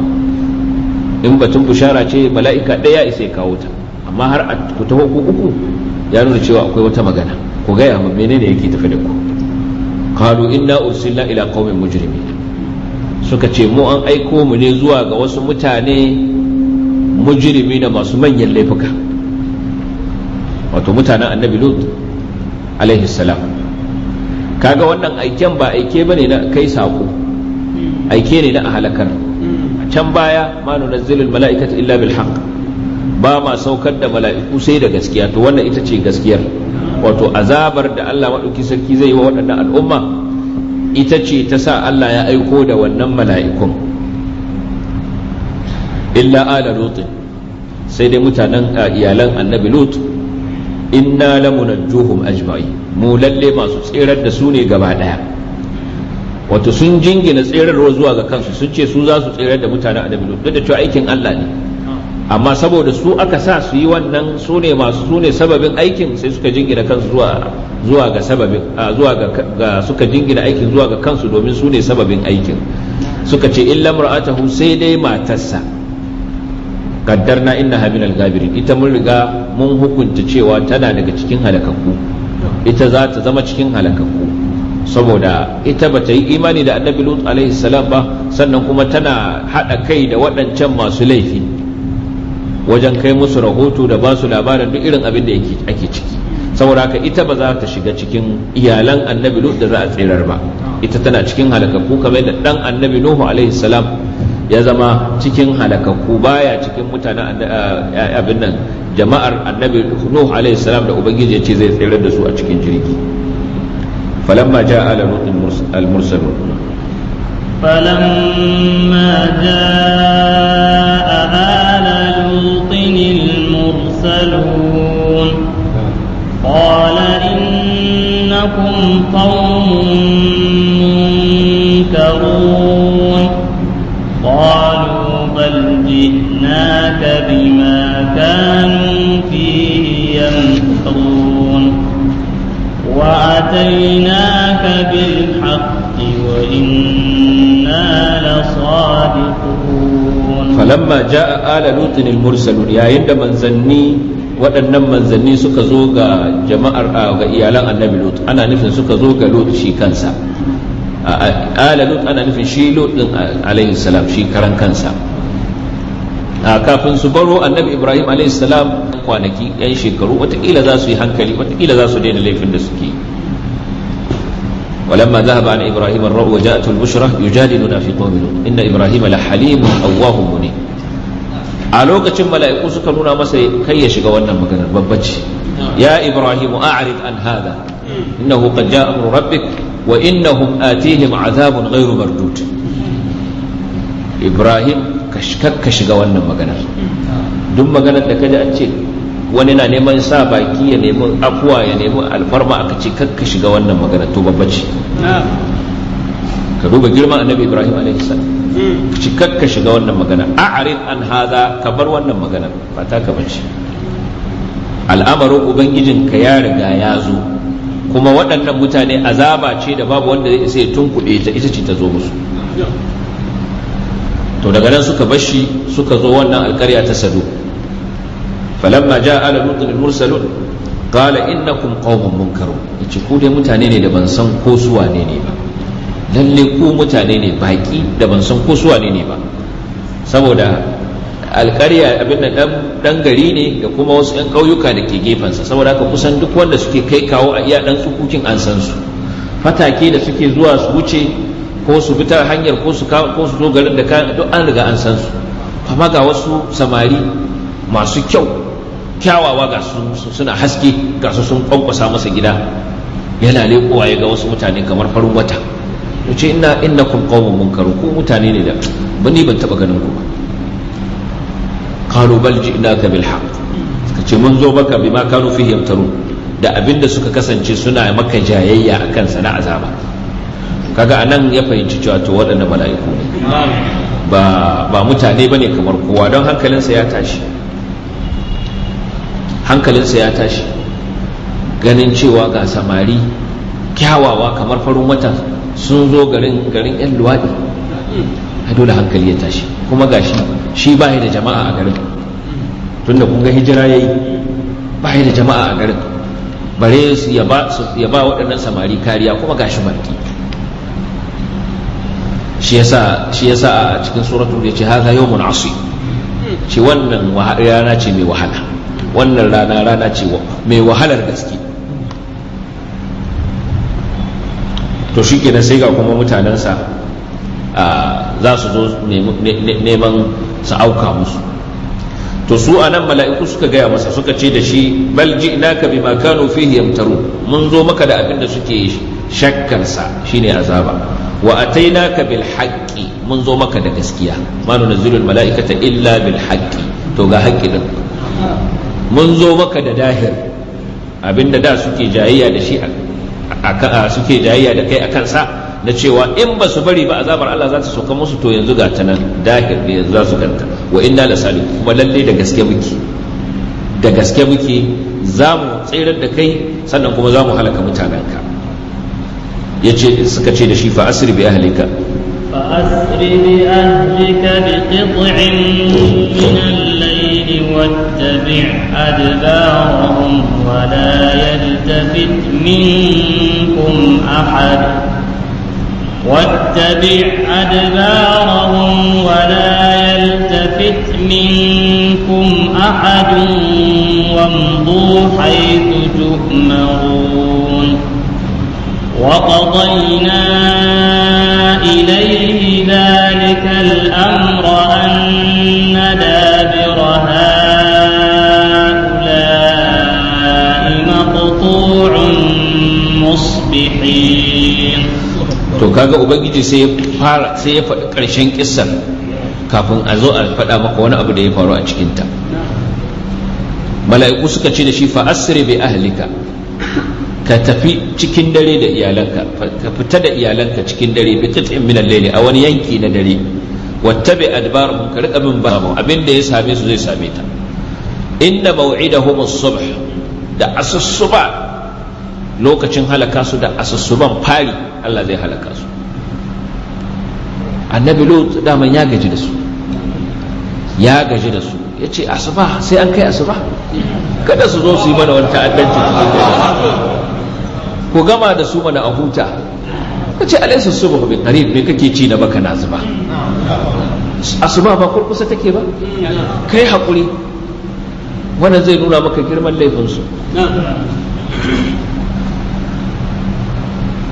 in batun bishara ce mala'ika ɗaya isa ya kawo ta amma har a ku taho ku uku ya nuna cewa akwai wata magana ku gaya ma menene yake tafi da ku qalu inna ursilna ila qaumin mujrimin suka ce mu an aiko mu ne zuwa ga wasu mutane mujrimi da masu manyan laifuka wato mutanen annabi lut alaihi salam kaga wannan aiken ba aike bane na kai sako aike ne na a halakar can baya ma nunazzilul mala'ikata illa bil haqq ba ma saukar da mala'iku sai da gaskiya to wannan ita ce gaskiyar wato azabar da Allah madauki sarki zai yi wa waɗannan al'umma ita ce ta sa Allah ya aiko da wannan mala'ikun illa ala lut sai dai mutanen iyalan annabi lut inna lamunajjuhum ajma'i mu lalle masu tserar da su ne gaba daya wato sun jingina ruwa zuwa ga kansu sun ce su za su tserar da mutane a lut duk da cewa aikin Allah ne amma saboda su aka sa su yi wannan su ne masu su sababin aikin sai suka jingina kansu zuwa zuwa ga sababin zuwa ga suka jingina aikin zuwa ga kansu domin su ne sababin aikin suka ce illa mar'atahu sai dai matarsa qaddarna inna min al-ghabirin ita mun riga mun hukunta cewa tana daga cikin halakakku ita za ta zama cikin halakakku saboda ita ba ta yi imani da annabi lut alaihi salam ba sannan kuma tana haɗa kai da waɗancan masu laifi wajen kai musu rahoto da ba su labarin duk irin abin da ake ciki saboda haka ita ba za ta shiga cikin iyalan annabi lut da za a tsirar ba ita tana cikin halakakku kamar da dan annabi nuhu alaihi salam ya zama cikin halakakku baya cikin mutanen abin nan jama'ar annabi nuh alaihi salam da ubangiji ya ce zai tsere da su a cikin jirgi falamma ja'a ala al-mursalun falamma ja'a ala nuh al-mursalun qala innakum qaumun وأتيناك بالحق وإنا لصادقون فلما جاء آل لوط المرسلون يا يد من زني waɗannan manzanni suka zo ga jama'ar a ga iyalan annabi lut ana nufin suka zo ga lut shi kansa ala lut ana nufin shi lut din alaihi salam shi karan kansa A kafin su baro annabi ibrahim alaihi salam kwanaki yan shekaru watakila za su yi hankali watakila za su daina laifin da suke ولما ذهب عن إبراهيم الرعب وجاءته البشرى يجادلنا في قوم لوط إن إبراهيم لحليم أواه منيب a lokacin mala'iku suka nuna masa kai ya shiga wannan maganar babbaci ya ibrahimu a'rid an hada. innahu qad ja'a amru rabbik wa innahum atihim azabun ghairu mardud ibrahim ka shiga wannan maganar duk maganar da kaji an ce wani na neman sa baki ya nemi afuwa ya nemi alfarma aka ce kakka shiga wannan magana to babba ce ka duba girman annabi ibrahim alaihi salam ci hmm. kakka shiga wannan magana a'rid an hadha ka bar wannan magana ba ta ka bace al'amarin ka ya riga ya zo kuma waɗannan mutane azaba ce da babu wanda zai sai tunkuɗe ta ita ce ta zo musu to daga nan suka bashi suka zo wannan alƙarya ta sadu falamma jaa ala lutin mursalun qala innakum qaumun munkarun yace ko dai mutane ne da ban san ko su wane ne ba lalle ko mutane ne baki da ban san ko su wane ne ba saboda alƙarya abin da dan gari ne da kuma wasu 'yan ƙauyuka da ke gefensa saboda haka kusan duk wanda suke kai kawo a iya dan tsukukin an san su fatake da suke zuwa su wuce ko su bi ta hanyar ko su ko su zo garin da kayan duk an riga an san su amma ga wasu samari masu kyau kyawawa ga su suna haske ga su sun kwankwasa masa gida yana leƙowa ya ga wasu mutane kamar farin wata Wuce ina inna kun qaumun munkaru ko mutane ne da ba ban taba ganin ku ba Kano bal ka bil suka ce mun zo baka ma kano fi yamtarun da abinda suka kasance suna maka jayayya akan sana azaba kaga anan ya fahimci cewa to waɗanda mala'iku ne ba ba mutane bane kamar kowa don hankalinsa ya tashi hankalinsa ya tashi ganin cewa ga samari kyawawa kamar farin wata sun zo garin garin 'yan luwaɗi a dole hankali ya tashi kuma ga shi shi ba da jama'a a garin da kun ga hijira ya yi ba da jama'a a garin bare su ya ba waɗannan samari kariya kuma ga shi marti shi ya sa a cikin suratun ya ce haza mun asu ce wannan rana ce mai wahala wannan rana rana ce mai wahalar gaske to shi kenan sai ga kuma mutanensa za su zo neman su auka musu to su a nan mala'iku suka gaya masa suka ce da shi balji ji'naka bima kanu fihi yamtaru mun zo maka da abin da suke shakkarsa shine azaba wa atainaka bil haqqi mun zo maka da gaskiya ma nunzilu mala'ikata illa bil haqqi to ga haqqi din mun zo maka da dahir abinda da suke jayayya da shi suke jayayya da kai akan sa na cewa in ba su bari ba azabar Allah za ta soka musu to yanzu ga ta nan dahir ne yanzu za su ganta wa inna la salu kuma lalle da gaske muke da gaske muke za mu tsirar da kai sannan kuma za mu halaka mutanenka yace suka ce da shi fa asri bi ahlika fa asri bi ahlika bi qit'in min واتبع أدبارهم ولا يلتفت منكم أحد واتبع أدبارهم ولا يلتفت منكم أحد وامضوا حيث تؤمرون وقضينا إليه ذلك الأمر أن to kaga ubangiji sai ya fara sai ya faɗi ƙarshen kissar kafin a zo a faɗa maka wani abu da ya faru a cikinta mala'iku suka ce da shi fa asri bi ahlika ka tafi cikin dare da iyalanka ka fita da iyalanka cikin dare bi tafi min al-layli a wani yanki na dare wattabi adbar ka rika bin ba abin da ya same su zai same ta inna maw'idahum as-subh da asusuba lokacin halaka su da asusuban fari Allah zai halaka su annabi lut daman ya gaji da su ya gaji da su ya ce asuba sai an kai asuba kada su zo su yi mana wani ta'addanci ku gama da su mana a huta ka ce alaisa su bi qarib me kake ci na baka na zuba asuba ba kurkusa take ba kai hakuri wannan zai nuna maka girman laifinsu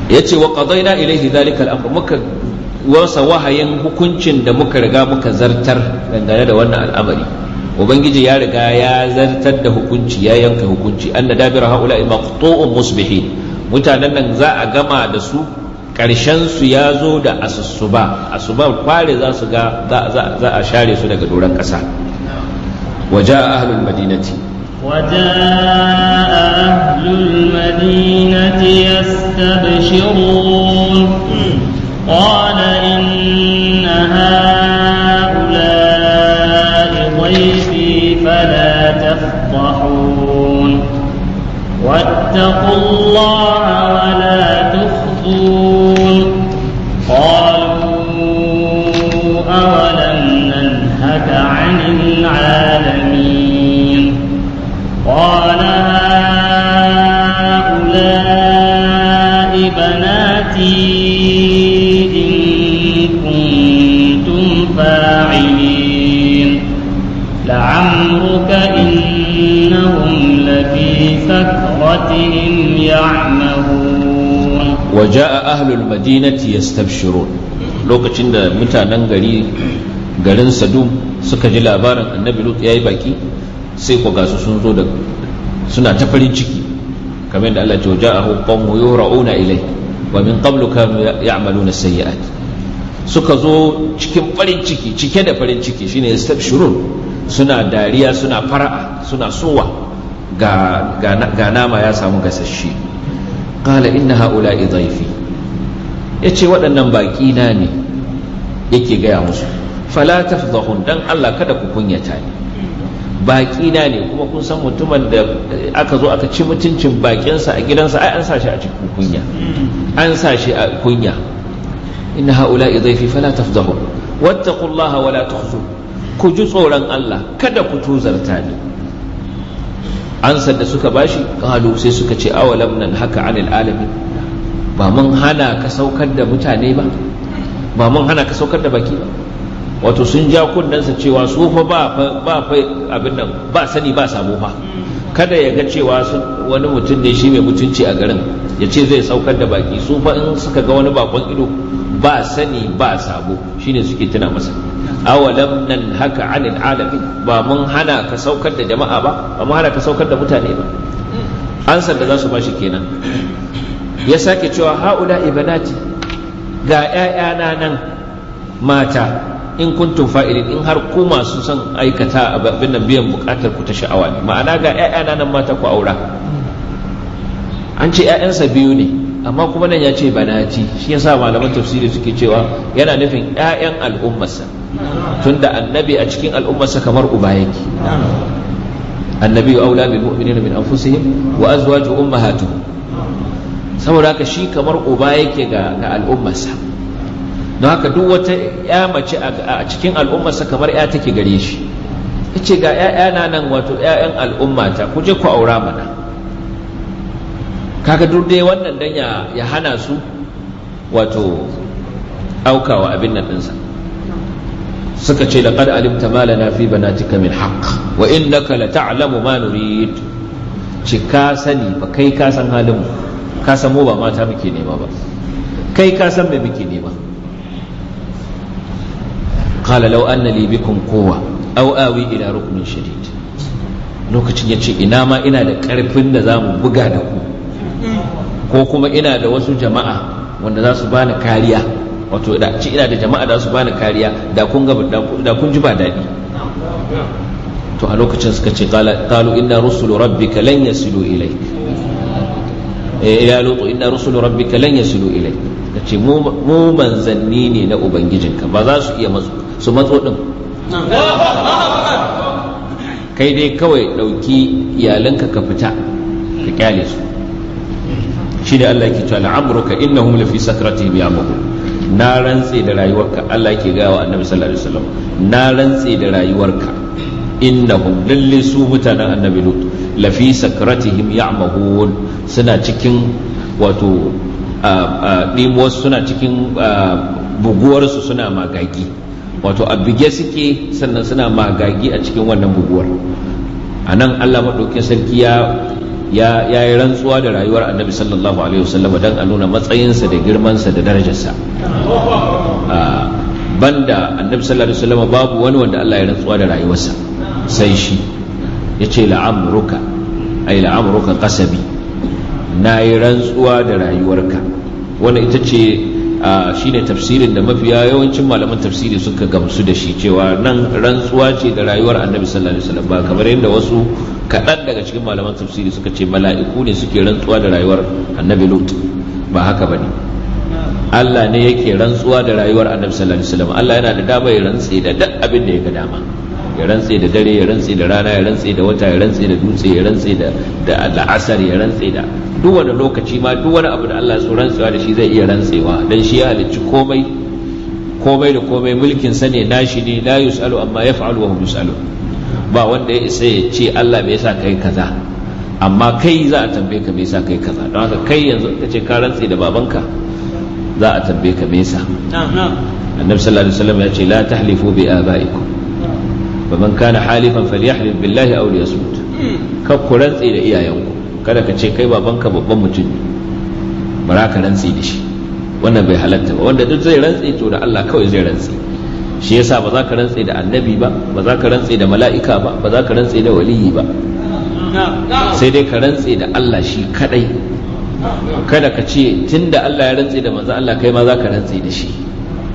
yace wa qadayna ilayhi dhalika al muka wasa wahayin hukuncin da muka riga muka zartar dangane da wannan al'amari ubangiji ya riga ya zartar da hukunci ya yanka hukunci anna dabira haula maqtu'un musbihin mutanen nan za a gama da su ƙarshen su ya zo da asusuba asuba kware za su ga za a share su daga doron ƙasa. Waje a ahlul madinati وجاء أهل المدينة يستبشرون قال إن هؤلاء ضيفي فلا تفضحون واتقوا الله ولا تفضحون a ahlul madinati yastabshirun lokacin da mutanen gari garin sadum suka ji labarin annabi lut yayi baki sai ko gasu sun zo da suna ta farin ciki kamar da Allah ya a waja'ahu qawmu yura'una ilai wa min qablu kanu ya'maluna sayi'at suka zo cikin farin ciki cike da farin ciki shine yastabshirun suna dariya suna fara'a suna sowa ga nama ya samu gasasshe qala inna haula'i ya ce waɗannan baki na ne yake gaya musu fala tafdhahun don Allah kada ku kunyata ni baki na ne kuma kun san mutumin da aka zo aka ci mutuncin baƙinsa a gidansa ai an sa shi a cikin kunya an sa shi a kunya inna haula'i dhaifi fala tafdhahun wattaqullaha wala tukhzu ku ji tsoron Allah kada ku tuzarta ni ansar da suka bashi kalu sai suka ce awalam nan haka anil alami ba mun hana ka saukar da mutane ba ba mun hana ka saukar da baki ba wato sun ja kunnensa cewa su fa ba ba abin nan ba sani ba sabo fa kada ya ga cewa wani mutum ne shi mai mutunci a garin ya ce zai saukar da baki su fa in suka ga wani bakon ido ba sani ba sabo shine suke tuna masa awalam nan haka anil alamin ba mun hana ka saukar da jama'a ba ba mun hana ka saukar da mutane ba an da za su bashi kenan ya sake cewa haula ibanati ga 'ya'yana nan mata in kuntum fa'ilin in har ku masu son aikata abin nan biyan bukatar ku ta sha'awa ma'ana ga 'ya'yana nan mata ku aura an ce 'ya'yansa biyu ne amma kuma nan ya ce ba na ci, shi yasa malaman tafsiri suke cewa yana nufin ƴaƴan al'ummarsa tunda annabi a cikin al'ummarsa kamar uba yake annabi wa aula bil mu'minina min anfusihim wa azwaju ummahatuhum saboda haka shi kamar uba yake ga al'ummarsa don haka duk wata ya mace a cikin al'ummarsa kamar ya take gare shi yace ga ƴaƴana nan wato ƴaƴan al'ummata ku je ku aura mana kaga duk dai wannan dan ya hana su wato aukawa abin nan ɗinsa suka ce laqad alimta ma lana fi banatika min haqq wa innaka la ta'lamu ma nurid ci ka sani ba kai ka san halin ka san mu ba mata muke nema ba kai ka san me muke nema qala law anna li bikum quwwa aw awi ila ruknin shadid lokacin yace ina ma ina da karfin da zamu buga da ku ko kuma ina da wasu jama'a wanda za su bani kariya wato da ci ina da jama'a da su bani kariya da kun ga da kun ji ba daɗi to a lokacin suka ce qalu inna rusulu rabbika lan yasilu ilayk eh ya lutu inna rusulu rabbika lan yasilu ilayk kace mu mu manzanni ne na ubangijinka ba za su iya masu, su matso din kai dai kawai dauki iyalanka ka fita ka kyale su shine Allah yake cewa la'amruka innahum lafi sakratihim yamahun na rantse da rayuwarka Allah yake gaya wa annabi sallallahu alaihi wasallam na rantse da rayuwarka innahum lalle su mutanen annabi lut lafi sakratihim ya'mahun suna cikin wato ɗimuwar suna cikin buguwarsu suna magagi wato a bige suke sannan suna magagi a cikin wannan buguwar a nan allah maɗaukin sarki ya ya yi rantsuwa da rayuwar annabi sallallahu alaihi wasallam don a nuna matsayinsa da girmansa da darajarsa ah, banda annabi sallallahu alaihi wasallam babu wani wanda Allah ya rantsuwa da rayuwarsa sai shi yace la'amruka ay la'amruka qasabi na yi rantsuwa da rayuwarka wannan ita ce ah, shine tafsirin da mafiya yawancin malaman tafsiri suka gamsu da shi cewa nan rantsuwa ce da rayuwar annabi sallallahu alaihi wasallam ba kamar yadda wasu kaɗan daga cikin malaman tafsiri suka ce mala'iku ne suke rantsuwa da rayuwar annabi lut ba haka ba ne Allah ne yake rantsuwa da rayuwar annabi sallallahu alaihi wasallam Allah yana da dama ya rantse da duk abin da ya ga dama ya rantse da dare ya rantse da rana ya rantse da wata ya rantse da dutse ya rantse da da al'asar ya rantse da duk wani lokaci ma duk wani abu da Allah so rantsewa da shi zai iya rantsewa dan shi ya halicci komai komai da komai mulkin sa ne nashi ne la yusalu amma yaf'alu wa hum yusalun ba wanda ya isa ya ce Allah me yasa kai kaza amma kai za a tambaye ka me yasa kai kaza don haka kai yanzu ka ce ka rantse da babanka za a tambaye ka me yasa annabi sallallahu alaihi wasallam ya ce la tahlifu bi abaikum man kana halifan falyahlif billahi aw liyasmut ka ku rantse da iyayenku kada ka ce kai babanka babban mutum bara ka rantse da shi wannan bai halatta ba wanda duk zai rantse to da Allah kawai zai rantse shi yasa ba za ka rantse da annabi ba ba za ka rantse da mala'ika ba ba za ka rantse da waliyi ba sai dai ka rantse da Allah shi kadai kada ka ce tunda Allah ya rantse da manzo Allah kai ma za ka rantse da shi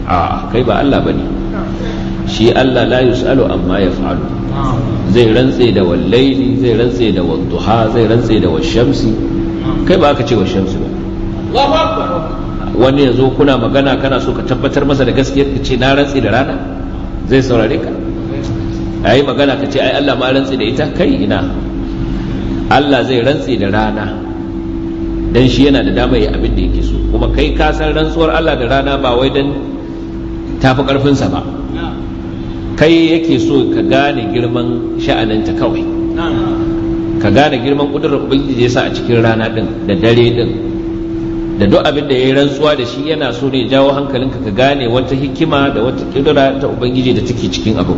a kai ba Allah bane shi Allah la yus'alu amma yaf'alu zai rantse da wallaili zai rantse da wadduha zai rantse da washamsi kai ba aka ce washamsi ba wani ya zo kuna magana kana so ka tabbatar masa da gaskiyar ka ce na rantsi da rana zai saurare ka a yi magana ka ce ai Allah ma rantsi da ita kai ina Allah zai rantsi da rana dan shi yana da dama ya abin da yake so kuma kai ka san rantsuwar Allah da rana ba wai dan tafi karfinsa ba kai yake so ka gane girman sha'aninta kawai ka gane girman kudurar ubangiji ya sa a cikin rana ɗin da dare din? da duk abin da ya yi rantsuwa da shi yana so ne jawo hankalinka ka gane wata hikima da wata kidura ta ubangiji da take cikin abu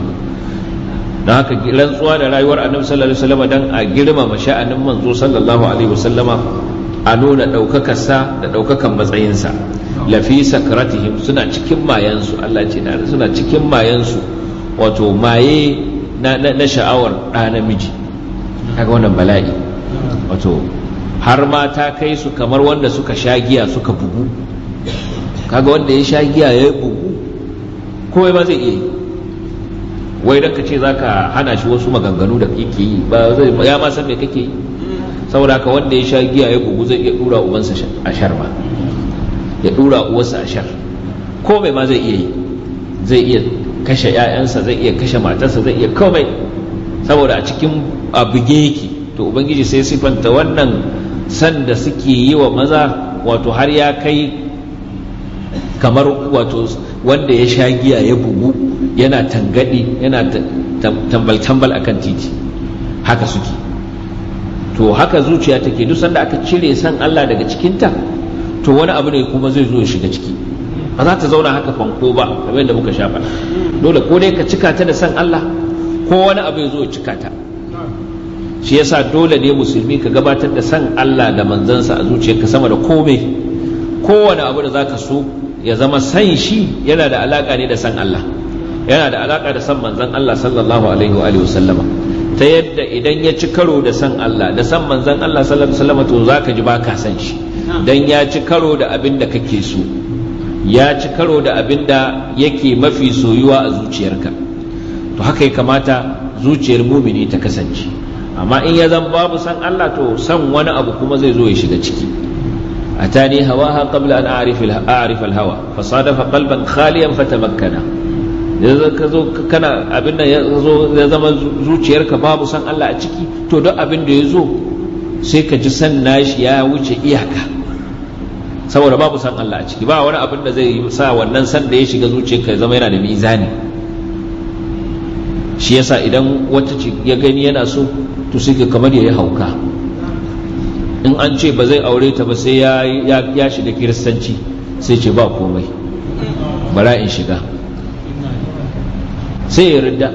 don haka rantsuwa da rayuwar annabi sallallahu alaihi wasallam dan a girmama sha'anin manzo sallallahu alaihi wasallama a nuna sa da ɗaukakan matsayinsa lafi sakratihim suna cikin su Allah ce na suna cikin su wato maye na sha'awar ɗa namiji kaga wannan bala'i wato har ma ta kai su kamar wanda suka sha giya suka bugu kaga wanda ya sha giya ya bugu komai ba zai iya yi wai dan ka ce ka hana shi wasu maganganu da kake yi ba zai ya ma san me kake yi saboda ka wanda ya sha giya ya bugu zai iya dura ubansa a shar ma ya dura uwarsa a shar komai ma zai iya yi zai iya kashe 'ya'yansa zai iya kashe matarsa zai iya komai saboda a cikin abuge yake to ubangiji sai sifanta wannan Sanda suke yi wa maza wato har ya kai kamar wato wanda ya sha giya ya bugu yana tangadi yana tambal-tambal a kan titi haka suke to haka zuciya take duk sanda aka cire san Allah daga cikinta to wani abu ne kuma zai zo ya shiga ciki ba za ta zauna haka fanko ba kamar yadda muka sha dole ko dai ka cika ta da san Allah ko wani abu ya zo ya cika ta shi yasa dole ne musulmi ka gabatar da san Allah da manzansa a zuciyarka sama da komai kowane abu da zaka so ya zama san shi yana da alaka ne da san Allah yana da alaka da san manzan Allah sallallahu alaihi wa sallama ta yadda idan ya ci karo da san Allah da san manzan Allah sallallahu alaihi wa sallama to zaka ji baka san shi dan ya ci karo da abin da kake so ya ci karo da abin da yake mafi soyuwa a zuciyarka to haka ya kamata zuciyar mumini ta kasance amma in ya zan babu san Allah to san wani abu kuma zai zo ya shiga ciki atani ha qabla an a'rif a'rif al-hawa fa sadafa qalban khaliyan fatamakkana yanzu ka zo kana abin nan ya zo ya zama zuciyarka babu san Allah a ciki to duk abin da ya zo sai ka ji san nashi ya wuce iyaka saboda babu san Allah a ciki ba wani abin da zai sa wannan san da ya shiga zuciyarka ya zama yana da mizani shi yasa idan wata ya gani yana so to sai ga kamar yayi hauka in an ce ba zai aure ta ba sai ya shiga kiristanci sai ce ba komai bara in shiga sai ya ridda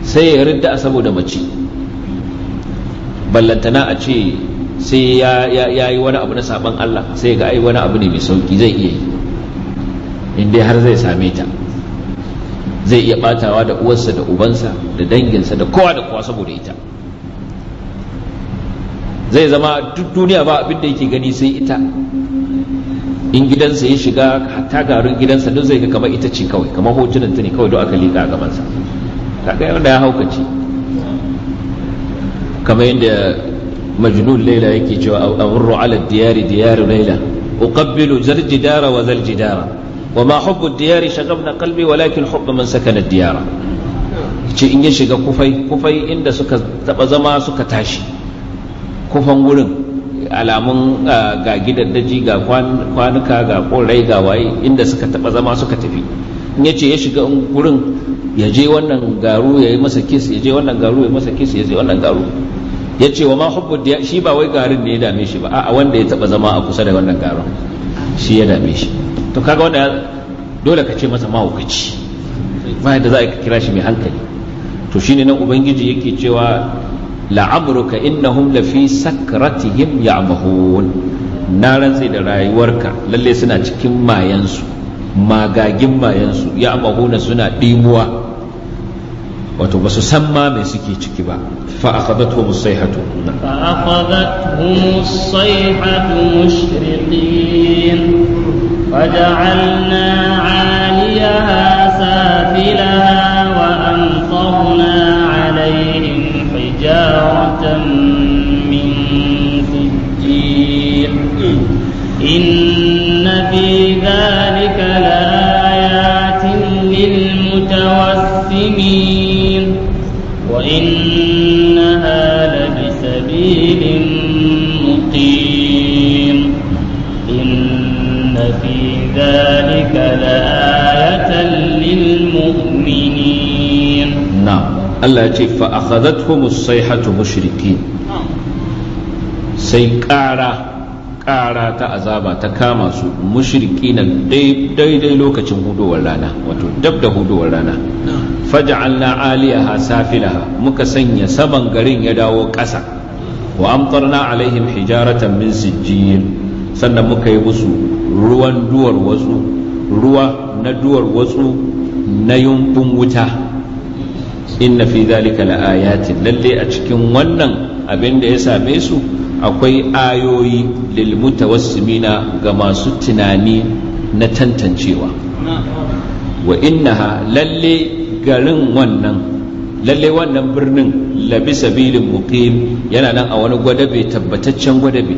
sai ya ridda saboda mace ballantana a ce sai ya yi wani abu na saban Allah sai ga ai wani abu ne mai sauki zai iya yi in dai har zai same ta zai iya batawa da uwarsa da ubansa da danginsa da kowa da kowa saboda ita zai zama duk duniya ba abin da yake gani sai ita in gidansa ya shiga hatta garin gidansa duk zai ga kamar ita ce kawai kamar hotunan ta ne kawai don aka liƙa a gabansa kaga da ya haukace kamar yadda majnun laila yake cewa a wurro ala diyari diyari laila uqabbilu zarjidara wa zarjidara wa ma hubbu diyari shagabna qalbi walakin hubbu man sakana diyara ce in ya shiga kufai kufai inda suka taba zama suka tashi kufan wurin alamun ah, ga gidaddaji ga kwanuka ga korai ga waye inda suka taba zama suka tafi in ya ce ya shiga wurin ya je wannan garu ya yi masa kis ya je wannan garu ya masa kis ya je wannan garu ya ce wa ma hubbu diyar shi ba wai garin ne ya dame shi ba a'a wanda ya taba zama a kusa da wannan garin shi ya dame shi to kaga wanda dole ka ce masa mahaukaci ba yadda za a kira shi mai hankali to shine nan ubangiji yake cewa la'amruka innahum lafi sakratihim ya'mahun na rantsi da rayuwarka lalle suna cikin mayansu magagin mayansu ya'mahuna suna dimuwa wato ba su san ma mai suke ciki ba fa akhadathum as-sayhatu fa akhadathum as-sayhatu mushriqin وجعلنا عاليها Allah ya ce fa akhadhathumus sayhatu mushrikin sai ƙara ƙara ta azaba ta kama su mushriki na daidai lokacin hudowar rana wato dab da hudowar rana faj'alna aliyaha safilaha muka sanya saban garin ya dawo ƙasa wa amtarna alaihim hijaratan min sijjil sannan muka yi musu ruwan duwar watsu ruwa na duwar watsu na yumbun wuta inna fi zalika laayatin lalle a cikin wannan abin da ya same su akwai ayoyi lil mutawassimina ga masu tunani na tantancewa wa innaha lalle garin wannan lalle wannan birnin labi sabilin muqim yana nan a wani gwadabe tabbataccen gwadabe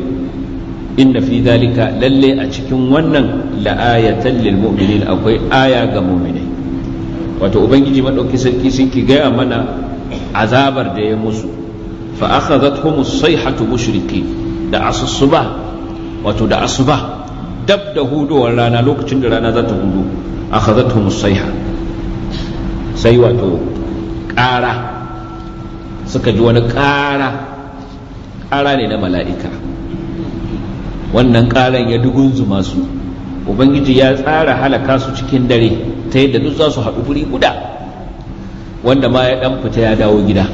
inna fi zalika lalle a cikin wannan la'ayatan lil mu'minin akwai aya ga mu'minai wato ubangiji maɗauki sarki suke gaya mana azabar da ya musu fa akhadhatuhum as-sayhatu mushriki da asusuba wato da asuba dab da hudowar rana lokacin da rana za ta hudu akhadhatuhum as sai wato ƙara suka ji wani ƙara ƙara ne na mala'ika wannan ƙaran ya dugunzuma su ubangiji ya tsara halaka su cikin dare ta yadda duk za su haɗu guri guda wanda ma ya ɗan fita ya dawo gida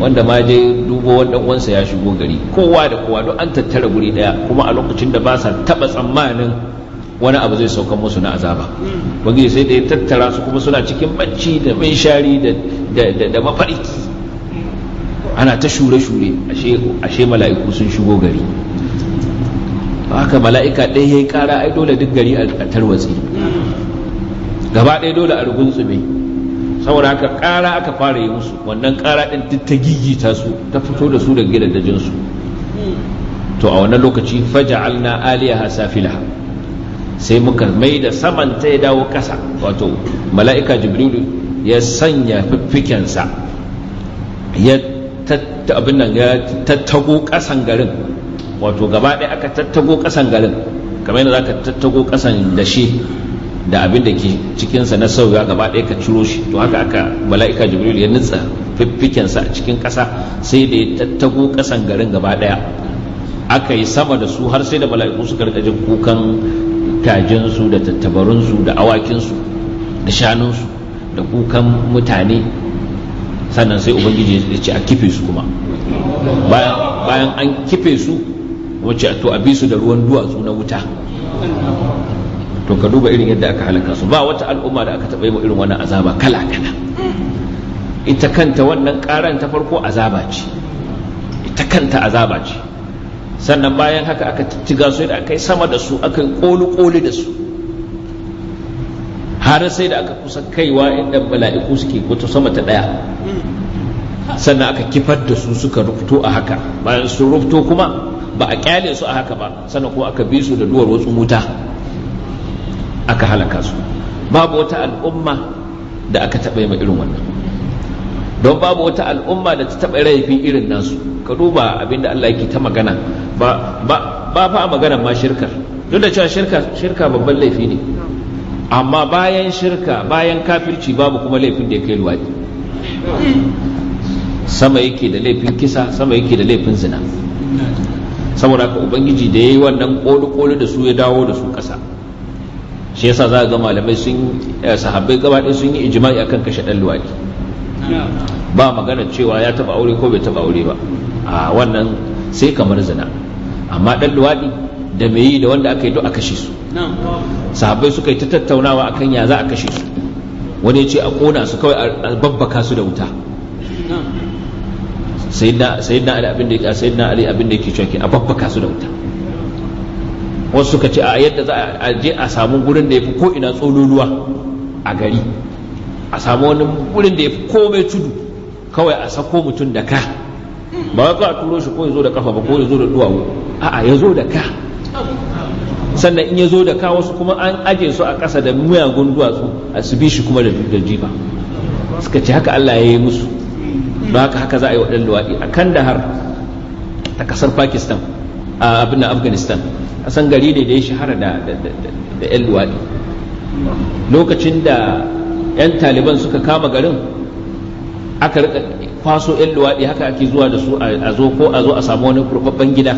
wanda ma je dubo wanda wansa ya shigo gari kowa da kowa duk an tattara guri ɗaya, kuma a lokacin da ba sa taba tsammanin wani abu zai sauka musu na azaba ubangiji sai da ya tattara su kuma suna cikin bacci da mai shari da mafarki ana ta shure-shure ashe mala'iku sun shigo gari haka mala'ika ɗaya ya yi ƙara ai dole duk gari a tarwatsi gaba ɗaya dole a rugunzume saboda haka ƙara aka fara yi musu wannan ƙara ɗin duk ta gigita su ta fito da su daga gidan su to a wannan lokaci Faja, alna aliyaha safilaha sai muka mai da saman ta ya dawo ƙasa wato mala'ika jibrilu ya sanya fiffikensa ya abin ya tattago ƙasan garin wato gaba ɗaya aka tattago ƙasan garin kamar yadda ka tattago ƙasan da shi da abin da ke cikinsa na sauya gaba ɗaya ka ciro shi to haka aka mala'ika jibril ya nutsa fiffikensa a cikin ƙasa sai da ya tattago ƙasan garin gaba ɗaya aka yi sama da su har sai da mala'iku suka rika jin kukan tajinsu da tattabarunsu da awakinsu da shanunsu da kukan mutane sannan sai ubangiji ya ce a kife su kuma bayan an kife su a to a bi su da ruwan duwatsu na wuta to ka duba irin yadda aka halaka su ba wata al'umma da aka taɓa yi irin wannan azaba kala kala ita kanta wannan karan ta farko azaba ce ita kanta azaba ce sannan bayan haka aka tattiga su da aka yi sama da su aka yi ƙoli da su har sai da aka kusa kaiwa inda bala'iku suke wato sama ta ɗaya sannan aka kifar da su suka rufto a haka bayan sun rufto kuma ba a kyale su a haka ba sannan kuma aka bi su da duwar wasu wuta aka halaka su babu wata al'umma da aka taɓa mai irin wannan don babu wata al'umma da ta taɓa raifin irin nasu ka duba abinda Allah yake ta magana ba fa fa magana ma shirkar duk da cewa shirka shirka babban laifi ne amma bayan shirka bayan kafirci babu kuma laifin da ya kai luwaɗi sama yake da laifin kisa sama yake da laifin zina saboda haka ubangiji da ya yi wannan koli-koli da su ya dawo da su ƙasa shi yasa za ga malamai sun eh, sahabbai gaba ɗaya sun yi ijma'i akan kashe ɗan luwaki ba magana cewa ya taba aure ko bai taba aure ba a wannan sai kamar zina amma ɗan luwaɗi da me yi da wanda aka yi duk a kashe su sahabbai suka yi ta tattaunawa akan ya za a kashe su wani ya ce a kona su kawai a babbaka su da wuta sayyidina ali abin da ke sayyidina ali abin da yake cewa a babbaka su da wuta wasu suka ce a yadda za a je a samu gurin da yafi ko ina tsololuwa a gari a samu wani gurin da yafi komai tudu kawai a sako mutum da ka ba za a turo shi ko ya zo da kafa ba ko ya zo da duwawu a'a ya zo da ka sannan in ya zo da ka wasu kuma an aje su a ƙasa da miyagun duwatsu a su bi shi kuma da jiba suka ce haka Allah ya yi musu don haka haka za a yi waɗannan luwaɗi a kandahar a ƙasar pakistan a abin afghanistan a gari ne da ya shahara da 'yan luwaɗi lokacin da 'yan taliban suka kama garin aka rika kwaso 'yan luwaɗi haka ake zuwa da su a zo ko a zo a samu wani kurbabban gida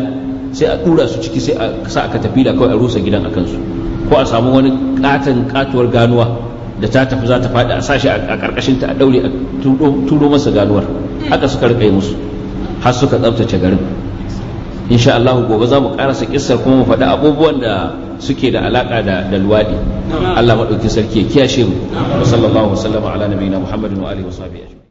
sai a ɗura su ciki sai a sa aka tafi da kawai a rusa gidan a kansu ko a samu wani katon katuwar ganuwa da ta tafi za ta faɗi a sashi a ƙarƙashinta a ɗaure a turo masa ganuwar haka suka rika musu har suka tsabtace garin insha Allah gobe za mu karasa kissar kuma mu faɗi abubuwan da suke da alaka da dalwadi Allah madauki sarki ya kiyashe mu sallallahu alaihi wa sallam ala nabiyina muhammadin wa alihi wa sahbihi